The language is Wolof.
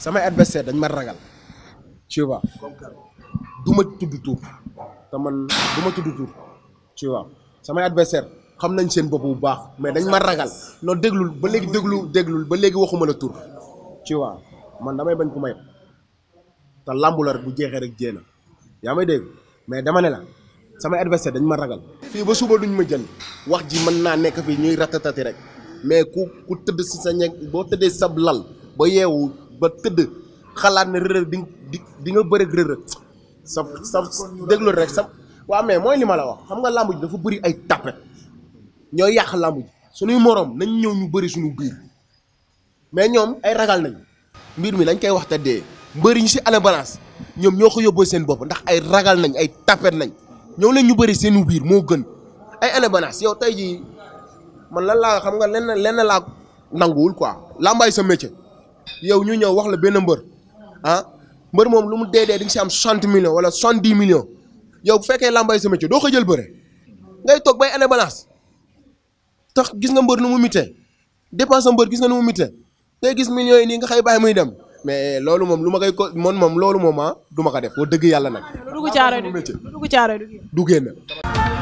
samay adversaire dañ ma ragal tu vois du ma tudd tur te man du ma tudd tur tu vois samay adversaire xam nañ seen bopp bu baax mais dañ ma ragal non déglul ba léegi déglu déglul ba léegi waxuma la tur tu vois man damay bañ ku may te làmbu rek bu jeexee rek jéena yaa may dégg mais dama ne la samay adversaire dañ ma ragal fii ba suba duñ ma jël wax ji mën naa nekk fii ñuy ratatati rek mais ku ku tëdd si sa ñeg boo tëddee sab lal ba yeewu ba tëdd xalaat ne rërëg di di nga bëreeg rërëg sa sa déglu rek sa waaw mais mooy li ma la wax xam nga làmb dafa bëri ay tapet ñooy yàq làmb ji suñuy morom nañ ñëw ñu bëri suñu biir mais ñoom ay ragal nañ mbir mi lañ koy wax te dee mbëri ñu si balance ñoom ñoo ko yóbboo seen bopp ndax ay ragal nañ ay tapet nañ ñëw lañ ñu bëri seen biir moo gën ay ana balance yow tey jii man lan laa xam nga lenn lenn laa nanguwul quoi lambay sa métier yow ñu ñew wax la benn mbeur ah mbeur mom lu mu dédé di ngi ci am 60 millions wala 70 millions yow bu fekkee làmbaay sa métier doo ko jël bëre ngay tok bay année balance tax gis nga mbeur nu mu mité dépense mbeur gis nga nu mu mité tey gis millions yi nii nga xey bay muy dem mais lolu mom luma kay mon mom lolu moom loolu moom ah, ko def wa dëgg yalla nak duggu ci caaree duggu ci ko duggu du génn.